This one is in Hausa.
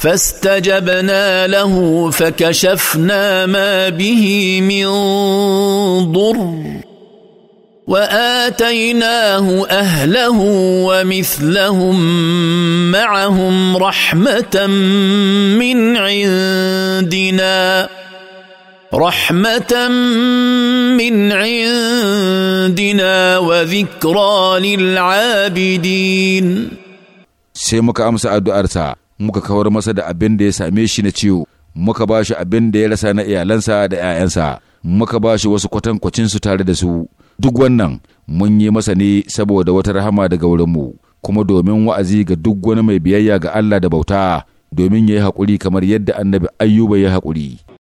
فاستجبنا له فكشفنا ما به من ضر واتيناه اهله ومثلهم معهم رحمه من عندنا رحمه من عندنا وذكرى للعابدين سيمك امس ادعرسا muka kawar masa da abin da ya same shi na ciwo muka ba shi abin da ya rasa na iyalansa da 'ya'yansa muka ba shi wasu kwatankwacinsu tare da su duk wannan mun yi masa ne saboda wata rahama daga wurinmu kuma domin wa'azi ga duk wani mai biyayya ga Allah da bauta domin ya yi haƙuri kamar yadda annabi ayyuba ya haƙuri